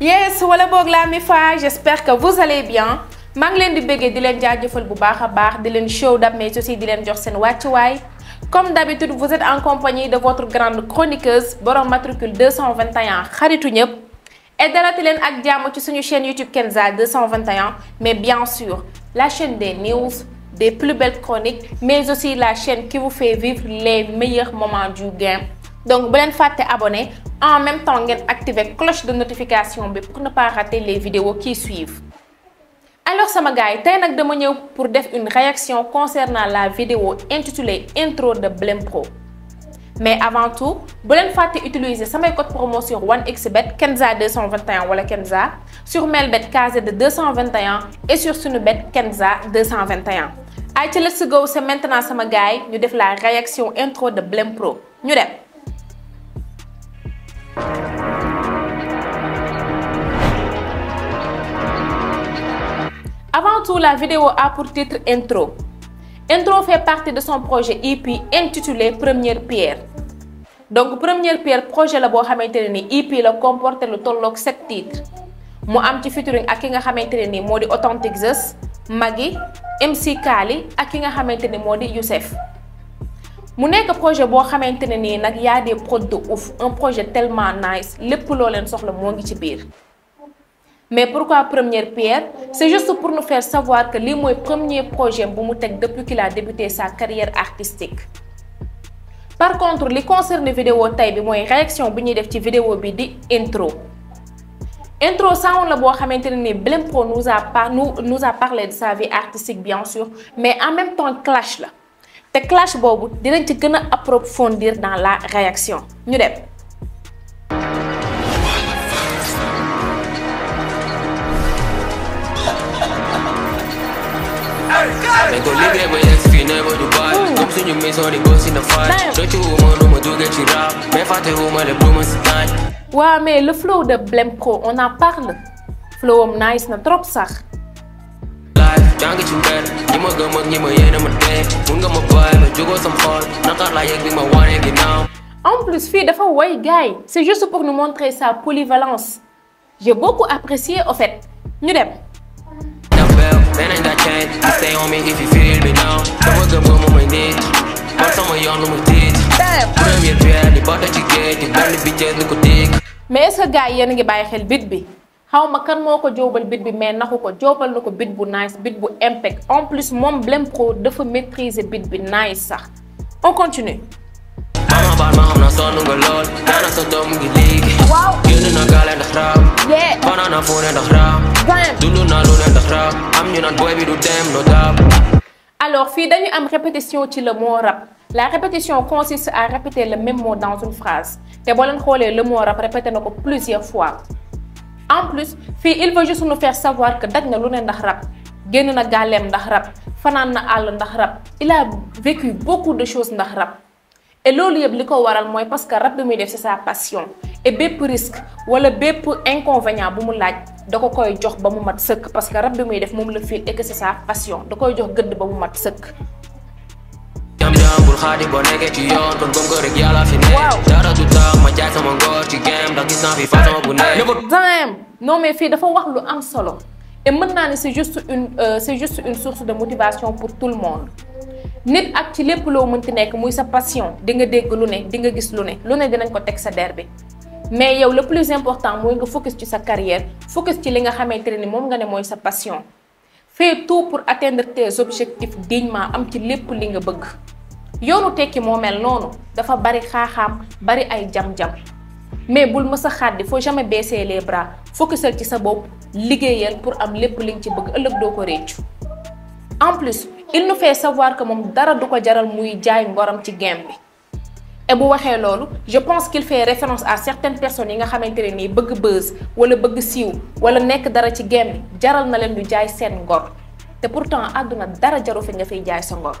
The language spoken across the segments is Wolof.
yes wala boog j'espère que vous allez bien Manglen di di bu show dab mais aussi di jox comme d'habitude vous êtes en compagnie de votre grande chroniqueuse borom matricule 221 xaritu et dalati leen ak ci suñu chaîne YouTube Kenza 221 mais bien sûr la chaîne des news des plus belles chroniques mais aussi la chaîne qui vous fait vivre les meilleurs moments du game donc bu pouvez vous abonné en même temps activez activer cloche de notification pour ne pas rater les vidéos qui suivent alors sama gars un je pour une réaction concernant la vidéo intitulée intro de Blim Pro mais avant tout bu leen utiliser code promo sur 1 kenza 221 ou kenza sur melbet kz 221 et sur sunubet kenza 221 Allez, let's go c'est maintenant sama gars la réaction intro de Blim Pro avant tout, la vidéo a pour titre Intro. Intro fait partie de son projet EP intitulé Première Pierre. donc Première Pierre projet le boo ni EP le comporte le sept titres Je am ci featuring ak ki nga xamante ni modi Authentic MC Kali ak ki nga Youssef mu nekk projet boo xamante ne y a des prods de ouf un projet tellement nice les loo leen soxla moo ngi ci mais pourquoi première pierre c'est juste pour nous faire savoir que c'est le premier projet bu depuis qu'il a débuté sa carrière artistique. par contre qui concerne vidéo tey bi mooy réaction bi ñuy def ci vidéo bi intro. Intro sound la boo maintenant, ne ni nous a par nous nous a parlé de sa vie artistique bien sûr mais en même temps clash là le clash de ci approfondir dans la réaction Mais le flow de Blemco on en parle Flow nice trop en plus dafa c'est juste pour nous montrer sa polyvalence j'ai beaucoup apprécié au fait ñu dem Mais est-ce que gars a ngi xaw ma kan moo ko jóobal bit bi mais bu nice bit bu impact en plus moom blème Pro dafa maîtriser bit bi nice sax on continue. alors dañu am répétition ci le mot rap la répétition consiste à répéter le même mot dans une phrase Té le mot rap répété plusieurs fois en plus il veut juste nous faire savoir que daj Lune lu ne ndax na gaaleem ndax rab fanaan na il a vécu beaucoup de choses ndax et loolu yëpp li waral mooy parce que rap bi muy def c'est sa passion et bépp risque wala bépp inconvénient bu mu laaj da ko koy jox ba mu mat sëkk parce que rap bi muy def moom le fii et que c'est sa passion da koy jox gëdd ba mu mat sëkk non mais fii dafa wax lu am solo et maintenant c'est juste une euh, c'est juste une source de motivation pour tout le monde nit ak ci lépp loo mënti nekk muy sa passion di nga dégg lu ne di nga gis lu ne lu ne dinañ ko teg sa der bi mais yow le plus important mooy nga focus ci sa carrière focus ci li nga xamante ne ni moom nga ne mooy sa passion fais tout pour atteindre tes objectifs dignement am ci lépp li nga bëgg yoonu tekki moo mel noonu dafa bari xaaxaam bari ay jam-jam mais bul mës a xàddi faut jamais baisser les bras focusal ci sa bopp liggéeyal pour am lépp liñ ci bëgg ëllëg doo ko réccu en plus il nous fait savoir que moom dara du ko jaral muy jaay ngoram ci game bi et bu waxee loolu je pense qu'il fait référence à certaines personnes yi nga xamante ni bëgg buzz wala bëgg siiw wala nekk dara ci game bi jaral na leen lu jaay seen ngor te pourtant àdduna dara jaru fi nga fay jaay sa ngor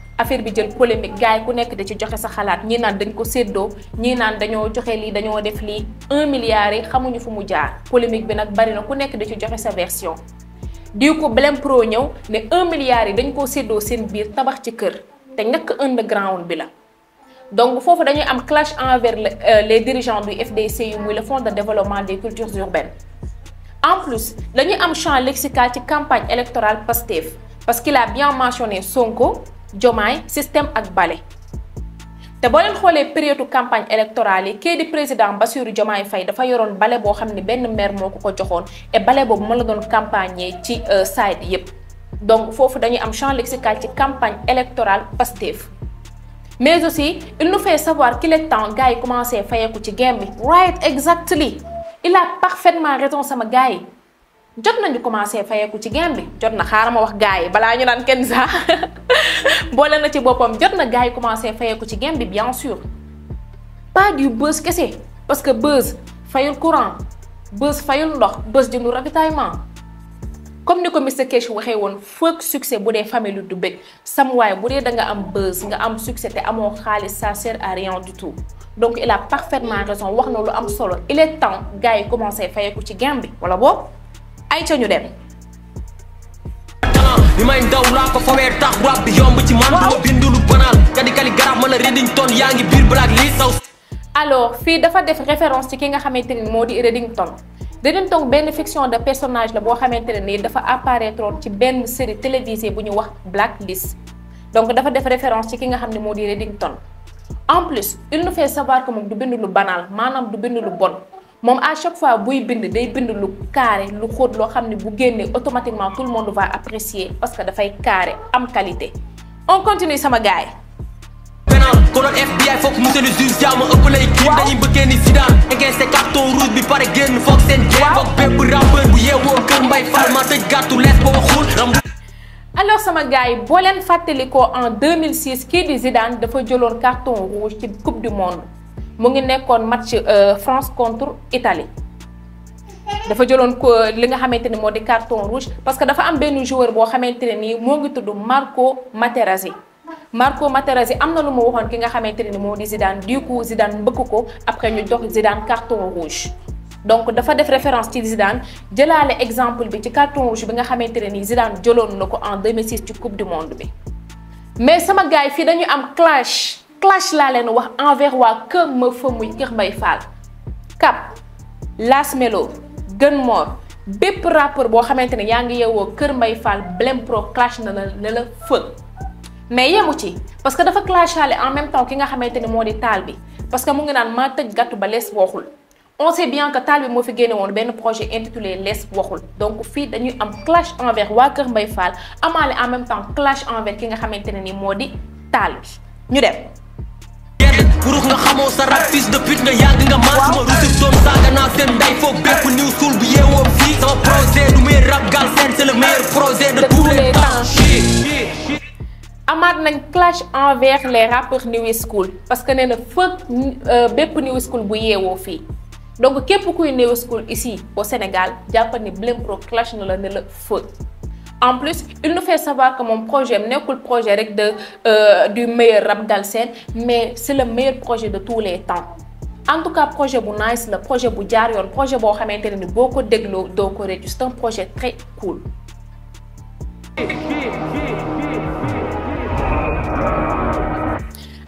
affaire bi jël polémique gars ku nekk da ci joxe sa xalaat ñii naan dañ ko séddoo ñii naan dañoo joxe lii dañoo def lii un milliard yi xamuñu fu mu jaar polémique bi nag bari na ku nekk da ci joxe sa version. diw ko blem Pro ñëw ne un milliard yi dañ koo séddoo seen biir tabax ci kër te ñàkk underground bi la. donc foofu dañuy am clash envers euh, les dirigeants du FDCU muy le fonds de développement des cultures urbaines en plus dañuy am champ lexical ci campagne électorale Pastef parce qu'il a bien mentionné Sonko. Diomaye système ak bale si boo leen la période campagne électorale le président Bassirou Diomaye Faye a fait un balai qui ko et le campagne euh, side yépp donc faut dañuy un champ lexical campagne électorale Pastef mais aussi il nous fait savoir qu'il est temps qui à à faire game right exactly il a parfaitement raison sama gars jot nañu commencé ci game bi jot na wax boole na ci bopam jot na gars commencé fayee ko ci game bi bien sûr pas du buzz kessé parce que buzz fayul courant buzz fayul ndox buzz jëndul ravitaillement comme ni ko Mr Cash waxee woon foog succès bu famé lu du sam way bu da nga am buzz nga am succès té amoo xaliss ça sert à rien du tout donc il a parfaitement raison wax na lu am solo il est temps gaay yi commencé fayeeku ci game bi wala boobu ay ca ñu dem. Imain may apa? laa ko fawee tax rap bi yomb ci man duma bindu lu banal kadi kali garab mën reading ton black lii saw alors fi dafa def référence ci ki nga xamanteni modi moo di Reddington Reddington benn fiction de personnage la bo xamanteni dafa apparaître ci ben série télévisée bu ñu wax Blacklist donc dafa def référence ci ki nga xamni modi Reddington en plus il nous fait savoir que moom du bindu lu banal manam du bindu lu bon mom à chaque fois que bind day bind lu carré lu code, automatiquement tout le monde va apprécier parce que carré am qualité on continue sama gars alors en 2006 carton rouge coupe du monde mu ngi nekkoon match euh, France contre Italie dafa jëloon ko li nga xamante ne carton rouge parce que dafa am benn joueur bo xamante ni nii moo Marco Materazzi Marco Materazzi am na lu mu waxoon ki nga xamante ni di Zidane du coup Zidane mbëkk ko après ñu jox Zidane carton rouge. donc dafa def référence ci Zidane jëlaale exemple bi ci carton rouge bi nga xamante ne Zidane jëloon na en 2006 ci coupe du monde bi mais sama gars yi fii dañu am clash clash la len wax envers wa kër me fa muy Fall Cap Las Melo Gën Mor bépp rappeur bo xamanteni ya nga ngi keur mbay Fall Blm Pro clash na la ne la fël mais yemu ci parce que dafa clashaale en même temps ki nga xamanteni modi moo parce que mu ngi nan ma tëj gàttu ba les waxul on sait bien que talbi bi moo fi génne won ben projet intitulé les waxul donc fi dañuy am clash envers wa keur mbay Fall amalé en même temps clash envers ki nga xamanteni modi ni ñu dem. kurux nga xamoo sa rab fils de pute nga yàgg nga maas ma rusif saaga naa seen nday foog bépp niw suul bi yeewoon fii sama projet du meilleur rap Galsen c'est le meilleur projet de tous les temps amaat nañ clash envers les rappeurs new school parce que nee na fëkk euh, bépp new school bu yeewoo fii donc képp kuy new school ici au Sénégal jàppal ni Blm Pro clash na la ne la fëkk en plus il nous fait savoir que mon projet n'est projet le de euh, du meilleur rap Sen, mais c'est le meilleur projet de tous les temps en tout cas projet bu nice le projet bu le projet ni de ko c'est un projet très cool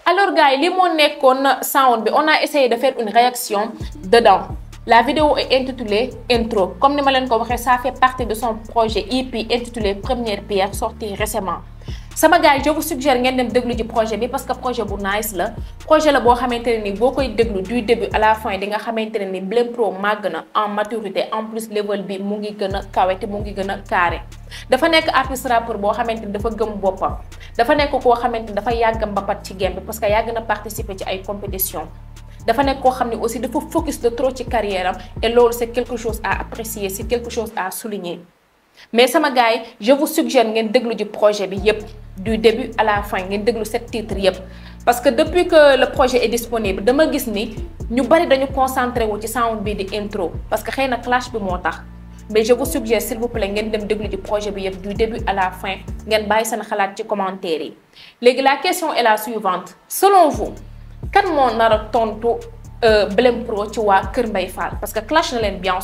alors gars li sound on a essayé de faire une réaction dedans la vidéo est intitulée Intro. Comme l'avons compris, ça fait partie de son projet EP intitulé Première Pierre, sorti récemment. sama gars je vous suggère de dem donner projet parce que projet bu nice Le projet la ni du début à la fin vous ni Pro magna en maturité en plus level bi ngi a Il a carré dafa Il artiste rappeur bien. Il est gëm y a est très bien. parce que participer ci ay compétition dafa nekk koo xam ne aussi dafa focus de trop ci carrière et c'est quelque chose à apprécier c'est quelque chose à souligner mais sama je vous suggère ngeen déglu le projet bi du début à la fin ngeen déglu cet titre parce que depuis que le projet est disponible dama gis ni ñu bari dañu concentré wu ci sound bi intro parce que xëy na clash bi moo mais je vous suggère s'il vous plaît ngeen dem déglu ci projet bi du début à la fin ngeen bàyyi seen xalaat ci commentaire la question est la suivante selon vous kan moo nar tontu euh, Blm Pro ci waa Kër Mbay Fall parce que clash na leen bien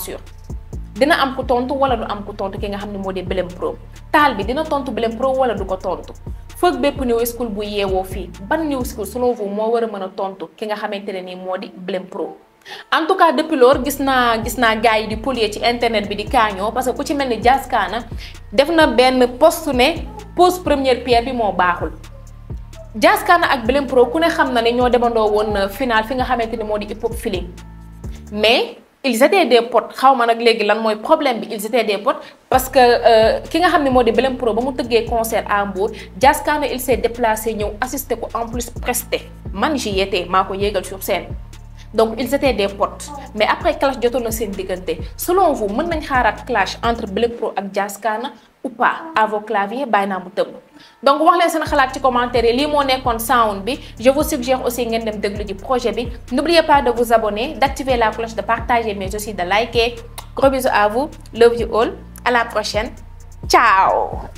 dina am ku tontu wala du am ku tontu ki nga xam ne moo di Blm Pro taal bi dina tontu Blm Pro wala du ko tontu foog bépp new school bu yeewoo fii ban new school selon vous moo war a mën a tontu ki nga xamante ne nii moo di Blm Pro. en tout cas depuis gis naa gis naa gars yi di polier ci internet bi di kaañoo parce que ku ci mel ni Jaas Kaana def na benn post ne pose première pierre bi moo baaxul. jaskana ak Belem Pro ku ne xam na ne ñoo demandoo woon euh, final fi nga xamante ni moo di hip hop feeling mais ils étaient des potes xaw ma nag léegi lan mooy problème bi ils étaient des potes parce que euh, ki nga xam ne moo di Belem Pro ba mu tëggee concert à Mbour jaskana il s'est déplacé ñëw assister ko en plus presté man j'y étais maa ko sur scène donc ils étaient des potes mais après clash jotoon na seen diggante selon vous mën nañ xaaraat clash entre Belem Pro ak jaskana ou pas à vos claviers bàyyi naa donc wax leen seen xalaat ci commentaire li mo moo sound bi je vous suggère aussi ngeen dem déglu ci projet bi n'oubliez pas de vous abonner d'activer la cloche de partager mais aussi de liker gros bisous à vous love you all à la prochaine ciao